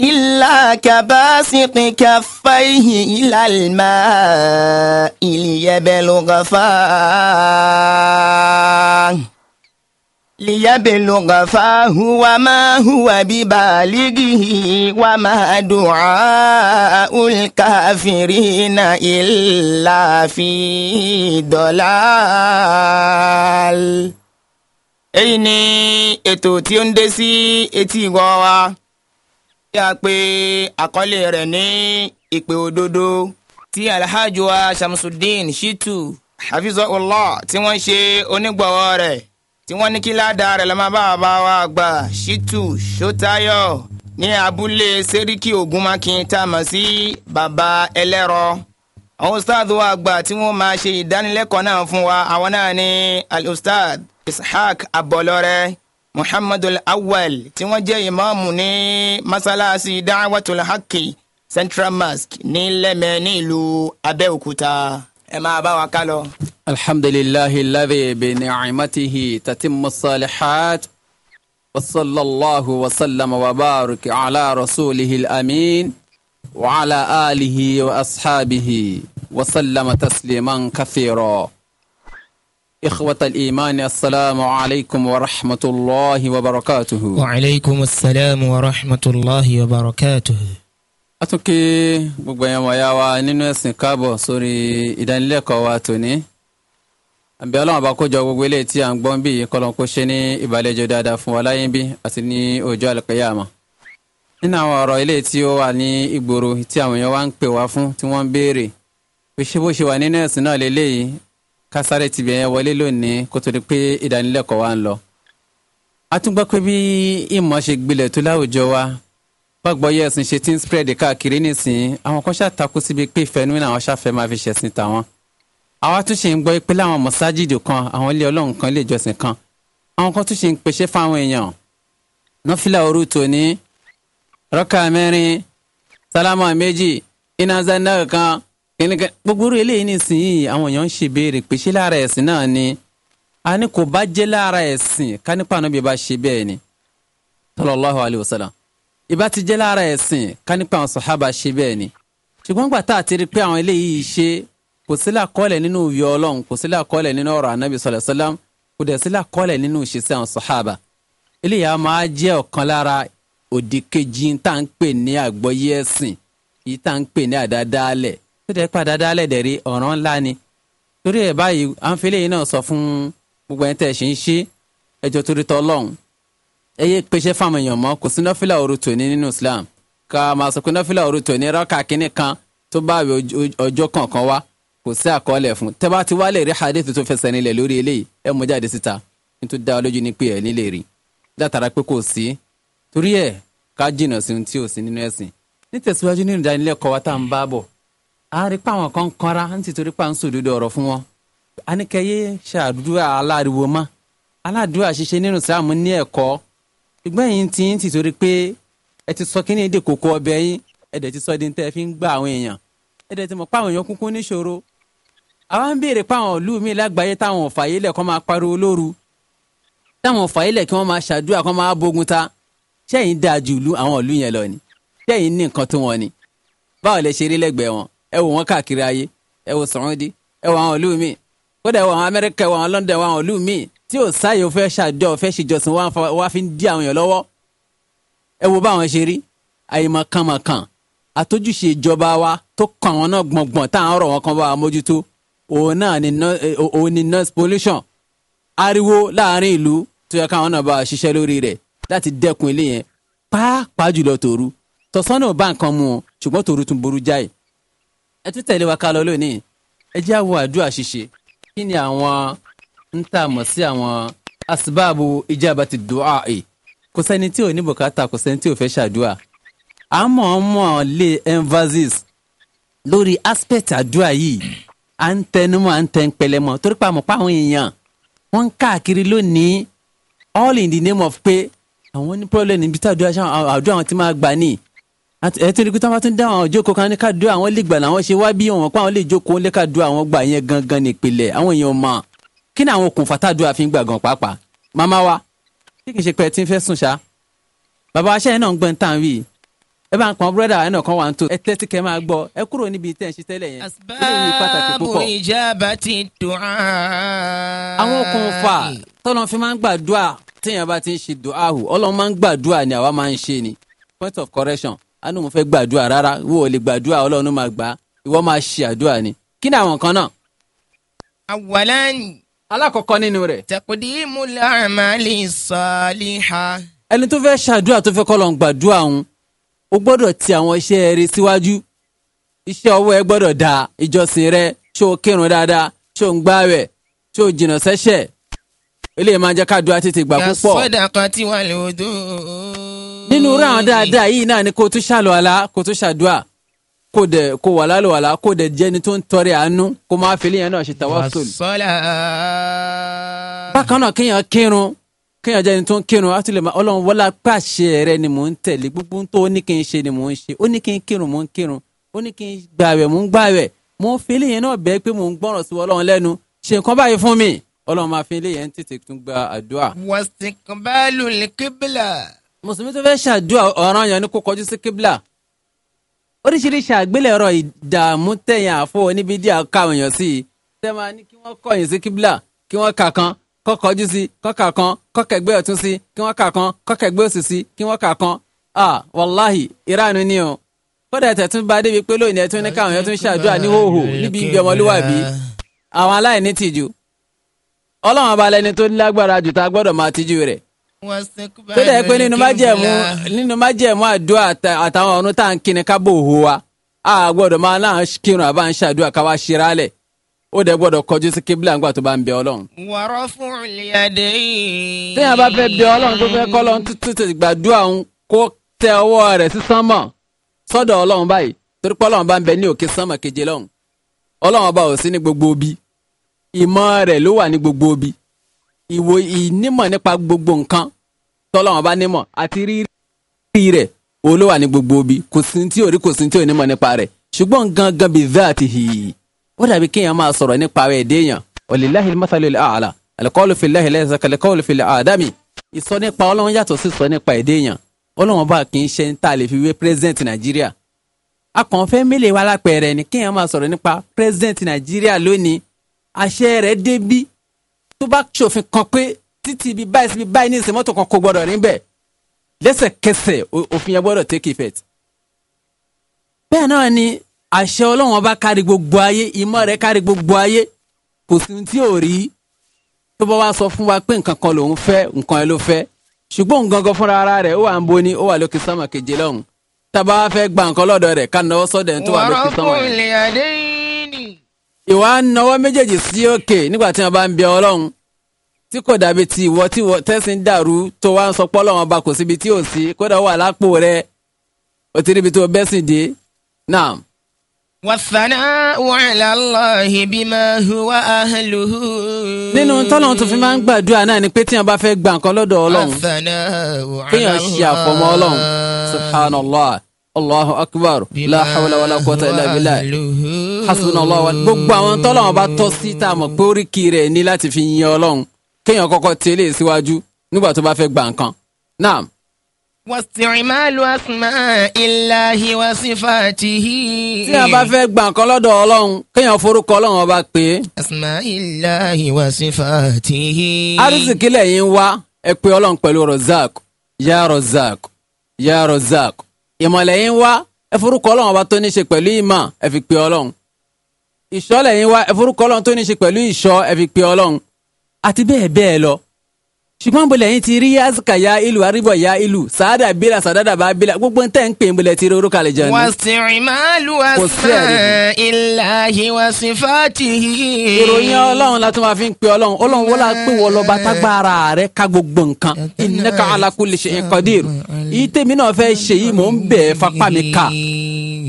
إلا كباسط كفيه إلى الماء ليبلغ فاه ليبلغ فاه وما هو ببالغه وما دعاء الكافرين إلا في ضلال èyí ni ètò tí ó tí a pè àkọlé rẹ̀ ní ìpè òdodo tí alhaji wa shamsuddin shitu hafizahullah tí wọ́n ṣe onígbọ̀wọ́ rẹ̀ tí wọ́n ní kí ládàá rẹ̀ lọ́mọ bá bá wa gbà shitu shotayo ní abúlé seriki ogunmakin tá a mọ̀ sí baba ẹlẹ́rọ àwọn ustaad wa àgbà tí wọ́n máa ṣe ìdánilẹ́kọ̀ọ́ náà fún wa àwọn náà ní alustad ishaq abọlọrẹ muhammadul awwal tí wọ́n jẹ́ ìmáàmù ní masalasi da'watul haqqi central mosque ní lẹ́mẹ̀ ní ìlú abẹ́òkúta ẹ máa bá wa ká lọ. alhamdulilahi ladhi bi ni'matihi tatimmu salihat وصلى الله وسلم وبارك على رسوله الامين وعلى اله واصحابه وسلم تسليما كثيرا إخوة الإيمان السلام عليكم ورحمة الله وبركاته وعليكم السلام ورحمة الله وبركاته أتوكي بقبيان وياوا نينو يسن كابو سوري إدان لكو واتوني àbí ọlọ́run bá kójọ gbogbo eléyìí tí à ń gbọ́n bí kọ́lọ́n kó ṣe ní ìbàlẹ́jọ dáadáa fún wa láyé bí àti ní ọjọ́ àlùkìyámà. nínú àwọn ọ̀rọ̀ eléyìí tí ó wà ní ìgboro tí àwọn èèyàn wá ń pè wá fún tí wọ́n ń béèrè pé ṣé bó ṣe wà nínú ẹ̀sìn náà lélẹ́yìí kásáré ti bẹ̀yẹn wọlé lónìí kó tó di pé ìdánilẹ́kọ̀ọ́ wa ń lọ. a tún gbọ́ pé bí ìmọ̀ ṣe gbilẹ̀ tó láwùjọ wa gbàgbọ́yé ẹ̀sìn ṣe ti ń spread káàkiri nísìnyí àwọn kan ṣàtakú síbi pé ìfẹ́nu ní àwọn ṣàfẹ́ máa fi ṣẹ̀sìn tàwọn. àwa tún ṣe ń gbọ́ pé láwọn mọ̀sájìdì kan àwọn ilé ọlọ́run kan ilé ìjọsìn kan àwọn kan tún ṣe ń pèsè fáwọn èèyàn. nọ́fìlà òru tòní rọ́kà mẹ́rin sálámà méjì iná zandáà kìnìkan gbogbo orí eléyìí nísìnyìí àwọn èèyàn ń ṣe béèrè pé ṣé lára ẹ̀sìn náà ni a ní kò bá jẹ́ lára ẹ̀sìn ká nípa àná bí ba ṣe bẹ́ẹ̀ ni sallallahu alayhi wa sallam ìbá ti jẹ́ lára ẹ̀sìn ká nípa àwọn sàhábà ṣe bẹ́ẹ̀ ni ṣùgbọ́n gbà tá a ti rí pé àwọn eléyìí ṣe kò sí làkọọ́lẹ̀ nínú ìwé ọlọ́run kò sí làkọọ́lẹ̀ nínú ọ̀rọ̀ anábì sallallahu alayhi wa sallam kò dẹ̀ sí làkọọ́lẹ̀ a máa jẹ́ tó tẹ́ padà dálẹ̀ dẹ̀rí ọ̀ràn ńlá ni torí ẹ̀ báyìí à ń fẹ́lẹ́ yìí náà sọ fún gbogbo ẹni tẹ̀ ṣe ń ṣe ẹjọ́ torí tọ́ lọ́hùn ẹ yé pèsè fáwọn èèyàn mọ́ kò sí nọ́fìlà òru tòní nínú Islam ká máa sọ pé nọ́fìlà òru tòní rákà kínní kan tó bá àwẹ̀ ọjọ́ kọ̀ọ̀kan wá kò sí àkọọ́lẹ̀ fún tẹ́ bá ti wá lè rí hadith tó fẹsẹ̀ nílẹ̀ lórí eléyìí ẹ mú jáde síta nítorí dá lójú ní pé ẹ nílè rí látara pé kò sí torí ẹ̀ ká jìnnà sí ohun tí ò sí nínú ẹ̀sìn nítẹ̀síwájú nínú ìdánilẹ́kọ̀ọ́ wa tá à ń bá bọ̀ a rí pa àwọn kan kanra ń ti torí pa ń sòdodo ọ̀rọ̀ fún wọn anikẹyẹ ṣàdúrà aláriwo mọ́ aládùúrà ṣíṣe nínú sàmù ní ẹ̀kọ́ ìgbọ́n yìí ti ń ti torí pé ẹ ti sọ kíní èdè kòkó ọbẹ̀ yín ẹ dẹ̀ ti sọ di tẹ́ ẹ fi ń gba àwọn èèyàn ẹ dẹ̀ ti mọ̀ pa àwọn èèyàn kúnkún níṣòro àwa ń béèrè pa àwọn ìlú mi lágbàáyé táwọn òfàyè lẹ̀ kọ́ máa pariwo lóru táwọn òfàyè lẹ̀ kí wọ́n máa ṣàdúrà kọ́ máa bógun ta ṣẹ́yìn dáa ju ìlú àwọn ìlú yẹn lọ ni ṣẹ́yìn ní nǹkan tó wọn ni báwo lẹ ṣe lẹ́gbẹ̀ẹ́ wọn ẹ wò wọ́n káàkiri ayé ẹ wò Saudi ẹ wò àwọn ìlú kódà ẹ wò àwọn Amẹ́ríkà ẹ wò àwọn London ẹ wò àwọn ìlú míì tí ò sáyè fẹ́ ṣàjọ fẹ́ ṣèjọsìn wá fi ń dí àwọn èèyàn lọ́wọ́ ẹ wo báwọn ṣe rí àyèmọ̀kànmọ̀kàn àtójúṣe ìjọba wa tó kàn wọn náà gbọ̀ngbọ̀n táwọn ọ̀rọ̀ wọn kan bá wa mójútó òun náà ni noise pollution ariwo láàrin ìlú tó yẹ káwọn náà bá a ṣiṣẹ́ lórí rẹ̀ láti dẹ́kun ilé yẹn pàápàá jùlọ tòru tọ̀sán náà bá nǹkan mu ṣùgbọ́n tòru tún burú jáì ẹ tún tẹ̀lé wa ká lọ lónìí ẹ jẹ́ àwọ̀ àdúrà ṣíṣe kí ni àwọn ń tà mọ̀ sí àwọn asibáàbù ijabati du'a ẹ̀ kò sẹ́ni tí ò ní bùkátà kò sẹ́ni tí ò fẹ́ ṣàdúrà à ń mọ̀ ọ́n mọ̀ lé emphasis lórí aspect àdúrà yìí à ń tẹnumọ́ à ń tẹn pẹlẹmọ́ torí pa àmọ́ páwọn èèyàn wọ́n ń káàkiri lónìí all in the name of pé àwọn ní problem níbi tí àdúrà àwọn ti máa gbà níì ẹtún rí i pé táwọn tún dá àwọn òjókòó kan ní ká dúró àwọn lè gbà làwọn ṣe wá bí wọn pa àwọn lè jókòó lè ká dúró àwọn gbà yẹn gangan nípìnlẹ̀ àwọn èèyàn mọ̀ kí ni àwọn okùnfà tàdúrà àfi ń gbà pàápàá màmá wa kí kì í ṣe pé ẹ ti ń fẹ́ sùn ṣá bàbá aṣẹ́ yẹn náà ń gbọ́n tàn wí ẹ bá ń pọn búrẹ́dà ẹ̀ náà kan wà ń tó ẹ tẹ́tí kẹ́ máa gbọ́ ẹ kúrò níbi tẹ́ ẹ̀ ṣiṣẹ́ lẹ̀ yẹn asbābu ijābati du'ā. àwọn okùnfà tọ́lọ́ fi máa ń gbàdúrà téèyàn bá ti ń ṣe dùn áhù Ọlọ́run máa ń gbàdúrà ni àwa máa ń ṣe ni point of correction anú mo fẹ́ gbàdúrà rárá wò ó lè gbàdúrà ọlọ́run máa gbà á ìwọ máa ṣe àdúrà ni kí ni àwọn kan náà. àwọ̀lán. alákọ̀ọ́kọ́ nínú rẹ̀. taqdimu al-a'mali saliha. ẹni tó fẹ́ ṣàdúrà tó fẹ́ kọ́lọ̀ ń gbàdúrà òun ó gbọ́dọ̀ ti àwọn iṣẹ́ rẹ̀ síwájú iṣẹ́ ọwọ́ ẹ gbọ́dọ̀ dáa ìjọsìn rẹ ṣó kírun dáadáa ṣó ń gbààwẹ̀ ṣó o jìnnà eléyìí máa ń jẹ́ ká dúrà tètè gbà púpọ̀. yasọ́dà kan tí wà lè odò. nínú ráhùn dáadáa yìí náà ni kò tún ṣàlùwàlá kò tún ṣàdúà kò dẹ̀ kò wà lálùwàlá kò dẹ̀ jẹ́ni tó ń tọrẹ àánú kó máa fi léyìn náà ṣe tawassul. bákan náà kéèyàn kírun kéèyàn jẹ́ni tó ń kírun á tún lè máa ọlọ́run wọlá pàṣẹ rẹ ni mò ń tẹ̀lé gbogbo tó ó ní kí n ṣe ni mò ń ṣe ó ní kí n kírun mò ń kírun ó ní kí n gbààwẹ̀ mò ń gbààwẹ̀ mò ń fi léyìn náà bẹ́ẹ̀ pé mò ń gbọ́ràn sí ọlọ́run lẹ́nu ṣe nǹkan báyìí fún mi ọlọ́run máa fi ilé yẹn tètè tún gba àdúrà. wàsíkàbálù ní kíbla. mùsùlùmí tó fẹ́ ṣàdúrà ọ̀ràn yẹn ni kó kọjú sí kíbla. oríṣiríṣi àgbélẹ̀rọ ìdààmú tẹ̀yìn àfọ níbi díà káwọn èèyàn sí i. tẹ́ máa ní kí wọ́n kọ̀yìn sí kíbla kí wọ́n kà kan kọ́ kọjú sí kọ́ kà kan kọ́ kẹ̀gbẹ́ ọ̀tún sí kí wọ́n kà kan kọ́ kẹ̀gbẹ́ òsì sí kí wọ́n kà kan. wàláhì ìranu ni o kódà ẹ̀tẹ̀ tún bá débi ọlọ́run ọba lẹni tó lágbára jù tá a gbọ́dọ̀ máa tijú rẹ̀ tó dẹ̀ pé nínú májẹ̀mú nínú májẹ̀mú àdúrà àtàwọn ọ̀run tá à ń kíni ká bò hó wa a gbọ́dọ̀ máa láà ń kírun àbá ń ṣàdúrà ká wá ṣe rálẹ̀ ó dẹ̀ gbọ́dọ̀ kọjú sí kíbílà ńgbà tó bá ń bẹ ọlọ́run. wọ́rọ́ fún ìyàdé yìí. téèyàn bá fẹ́ bẹ ọlọ́run tó fẹ́ kọ́ lọ́n tútù tètè gbàdúrà òun kó tẹ ọwọ́ rẹ̀ sí sánmọ̀ sọ́dọ̀ ọlọ́run báyìí torí ọlọ́run bá ń bẹ ní òkè sánmọ̀ keje lọ́hùn ọlọ́run ọba ò sí ní gbogbo ibi ìmọ̀ rẹ̀ ló wà ní gbogbo ibi ìwò ìnímọ̀ nípa gbogbo nǹkan tọ́lọ́wọ́n bá nímọ̀ àti rírí rẹ̀ òun ló wà ní gbogbo ibi kò sí tí ò rí kò sí tí ò nímọ̀ nípa rẹ̀ ṣùgbọ́n gangan bíi zaati hìí ó dàbí kéèyàn máa sọ̀rọ̀ nípa rẹ̀ déèyàn ọ̀lẹ́láhìí masalẹ̀ àlà alikọ́ọ̀lù filẹ̀ ẹ̀lẹ́sẹ̀ kalikọ́ọ̀lù filẹ̀ àdámì ìsọ nípa ọlọ́run yàtọ̀ sí sọ nípa ẹ̀dẹ́yàn ọlọ́run bá kì í ṣe ń tà lè fi wé president nàìjíríà akànfẹ́ mélèé wa lápẹ̀rẹ̀ ni kéèyàn máa sọ̀rọ̀ nípa president nàìjíríà lónìí àṣẹ rẹ̀ dé bí tó bá ṣòfin kan pé títí ibi báyìí síbi báyìí ní ìsìn mọ́tò kan kò gbọ́dọ̀ rí bẹ́ẹ̀ lẹ́sẹ̀kẹsẹ̀ òfin yẹn gbọ́dọ̀ take effect. bẹ́ẹ̀ náà ni àṣẹ ọlọ́run ọba kárí gbogbo ayé ìmọ̀ rẹ̀ kárí gbogbo ayé kò sí ohun tí ò rí tó bá wá sọ fún wa pé nǹkan kan lòun fẹ́ nǹkan ẹ ló fẹ́ ṣùgbọ́n òun gangan fúnra ara rẹ̀ ó wà ń boni ó wà lókè sánmà keje lọ́hùn tá a bá wá fẹ́ gba nǹkan lọ́dọ̀ rẹ̀ ká náwó sọ́dọ̀ ẹni tó wà lókè sánmà yẹn. wàá rọ́pò ìlẹ̀ àdéhìí ìwà náwó méjèèjì sí òkè nígbà tí wọ́n bá ń bẹ ọlọ́run tí kò dàbí ti ìwọ tí tẹ́sí ń dàrú tó wá ń sọ pé ọlọ́run ọba kò síbi tí ò sí kódà ó wà lápò rẹ ó ti ríbi tó bẹ́sìn dé náà. والثناء على الله بما هو أهله nínú tọ́lọ́run tó fi máa ń gbàdúrà náà ni pé tíyàn bá fẹ́ gba nǹkan lọ́dọ̀ ọlọ́run kéèyàn ṣe àfọmọ́ ọlọ́run subhanallah allahu akbar la hawla wala quwwata illa hasbunallahu wa gbogbo àwọn tọ́lọ́wọ́n bá tọ́ sí tá a mọ̀ pé oríkì rẹ̀ ní láti fi yin ọlọ́run kéèyàn kọ́kọ́ tẹ́lẹ̀ síwájú nígbà tó bá fẹ́ gbà nǹkan tí a bá fẹ́ gbà nǹkan lọ́dọ̀ ọlọ́run kéèyàn forúkọ ọlọ́run ọba pé. arísìkí lẹ́yìn wá ẹ pé ọlọ́run pẹ̀lú rozak ya rozak ya rozak ìmọ̀lẹ́yìn wá ẹ forúkọ ọlọ́run ọba tó ní ṣe pẹ̀lú ìmọ̀ ẹ fi pé ọlọ́run ìṣọ́ lẹ́yìn wá ẹ̀forúkọ ọlọ́run tó ní ṣe pẹ̀lú ìṣọ́ ẹ fi pe ọlọ́run àti bẹ́ẹ̀ bẹ́ẹ̀ lọ. ṣùgbọ́n bọ̀lẹ̀ yín ti rí azika ya ìlú aríbọ̀ ya ìlú sàádà bílà sàdádà bá bílà gbogbo tẹ̀ ń pè ń bọ̀lẹ̀ ti rí orúkọ àlejò ni. wàsíìmálù asma'illahi wa sifatihi. ìròyìn ọlọ́run la tún máa fi ń pe ọlọ́run ọlọ́run wọ́n la pé wọ́n lọ́ba tágbára rẹ̀ ká gbogbo nǹkan innaka ala kulli shay'in qadir ìtẹ̀mí náà fẹ́ ṣe yìí mò ń bẹ̀ẹ́ fapá mi ká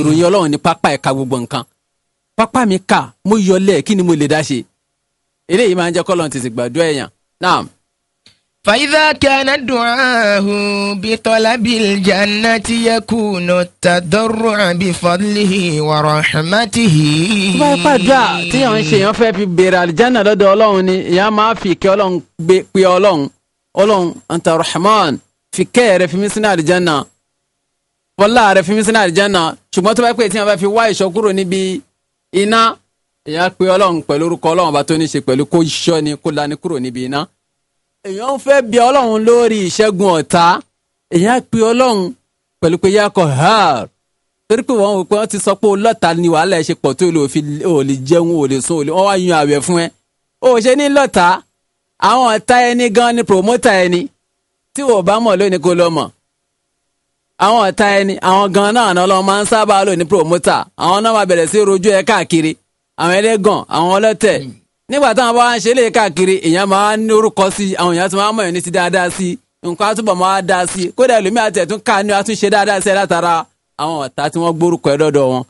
ìròyìn ọlọ́run ní pápá ẹ̀ka gbogbo pápá mi ka mo yọlẹ̀ kí ni mo lè dá ṣe eléyìí máa ń jẹ́ kọ́lọ́n tètè gbàdúrà èèyàn náà. fàyídà kàná dùn áhùn bí tọ́lá bí jàǹnà tí yẹ kù nù tàdọ́rù àbí fadlihi wa rahmatihi. tó bá yẹ pàdúrà tí yàn ń ṣe yàn fẹ́ fi béèrè àlìjáná lọ́dọ̀ ọlọ́run ni ìyá máa fi ìkẹ́ ọlọ́run gbé pé ọlọ́run ọlọ́run anta fi kẹ́ rẹ fi mí sínú àlìjáná wọ́lá rẹ fi mí sínú àlìjáná ṣùgbọ́n tó bá pè tí yàn bá fi wá ìṣọ́ kúrò níbi iná èèyàn pe ọlọ́run pẹ̀lú orúkọ ọlọ́run bá tó ní ṣe pẹ̀lú kó iṣọ́ ni kó lani kúrò níbi iná èèyàn ń fẹ́ bí ọlọ́run lórí ìṣẹ́gun ọ̀tá èèyàn pe ọlọ́run pẹ̀lú pé yàkọ̀ haar torí pé wọ́n pé wọ́n ti sọ pé lọ́ta ni wàhálà ẹ̀ ṣe pọ̀ tó lè fi ò lè jẹun ò lè sùn wọ́n wá yan àwẹ̀ fún ẹ ò ṣe ní lọ́ta àwọn ọ̀tá ẹni gan ni promoter ẹni tí wọ́n bá mọ̀ lónìí kó lọ mọ̀ àwọn ọ̀tá ẹni àwọn gan náà ni ọlọ́run máa ń sábà lò ní promoter àwọn náà máa bẹ̀rẹ̀ sí rojú ẹ káàkiri àwọn ẹlẹ́gàn àwọn ọlọ́tẹ̀ nígbà táwọn bá ń ṣe lè káàkiri èèyàn máa ń orúkọ sí àwọn èèyàn tó máa ń mọ̀ ní ti dáadáa sí nǹkan àtúbọ̀ máa dáa sí kódà ẹlòmíà tẹ̀ tún ká ní àtúnṣe dáadáa sí látara àwọn ọ̀tá tí wọ́n gbórúkọ ẹ lọ́dọ̀ wọn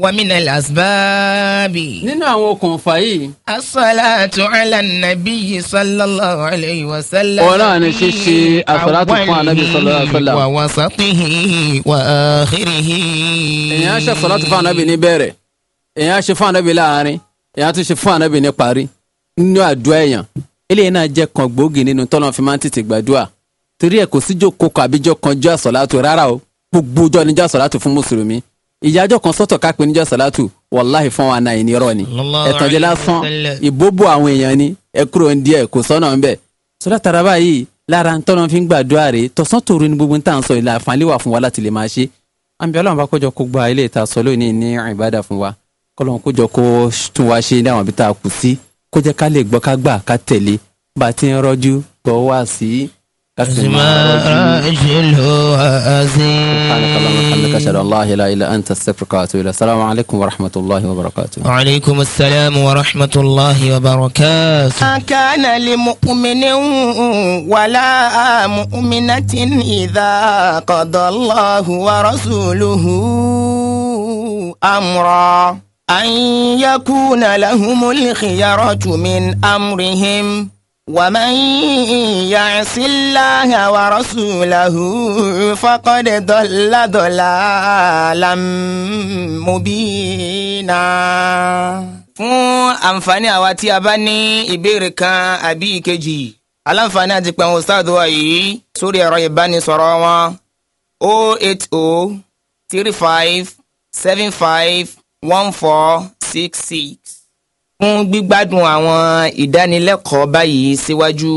wàmínà làsbáàbì. nínú àwọn okùnfà yìí. asalaatu ala nabiyyi sallallahu alayhi wa sallam. ọ̀rọ̀ àni ṣíṣe asalaatu fún anabi sallallahu alayhi wa sallam. wa wasatihi wa akhirihi. èèyàn ṣe asalaatu fún anabi ní bẹ̀rẹ̀ èèyàn ṣe fún anabi láàrin èèyàn tún ṣe fún anabi ní parí nínú àdúrà èèyàn eléyìí náà jẹ́ kan gbòógì nínú tọ́lọ́ gbogbo ọjọ́ ni jọ́ àsọ̀látò fún mùsùlùmí ìyájọ́ kan sọ́tọ̀ kápẹ́ níjọ́ sàlátù wàláhì fún wa náà ìnirọ́ ni ẹ̀tànjẹ́ lásán ìbóbó àwọn èèyàn ni ẹ kúrò ń díẹ̀ kò sọ́nà ń bẹ̀. sọ́dọ̀ taraba yìí lára tọ́nà fi ń gbàdúrà rè tọ̀sán tòru ni gbogbo ń tà ń sọ ìlà àfààní wà fún wa láti lè máa ṣe. àmì ọlọ́run bá kọjọ kó gba ilé ìta sọ lónìí ní ìbádà fún wa kọlọ́run kọjọ kó tún wa ṣe أسماء أجله أزيد سبحانك اللهم أشهد أن لا إله إلا أنت أستغفرك وأتوب إليك السلام عليكم ورحمة الله وبركاته وعليكم السلام ورحمة الله وبركاته ما كان لمؤمن ولا مؤمنة إذا قضى الله ورسوله أمرا أن يكون لهم الخيرة من أمرهم ومن يعص الله ورسوله فقد ضل ضلالا مبينا fún àǹfààní àwa tí a bá ní ìbéèrè kan àbí ìkejì aláǹfààní àti pẹ̀hún sáàdù wa yìí sórí ẹ̀rọ ìbánisọ̀rọ̀ wọn o oh eight o oh three fún gbígbádùn àwọn ìdánilẹ́kọ̀ọ́ báyìí síwájú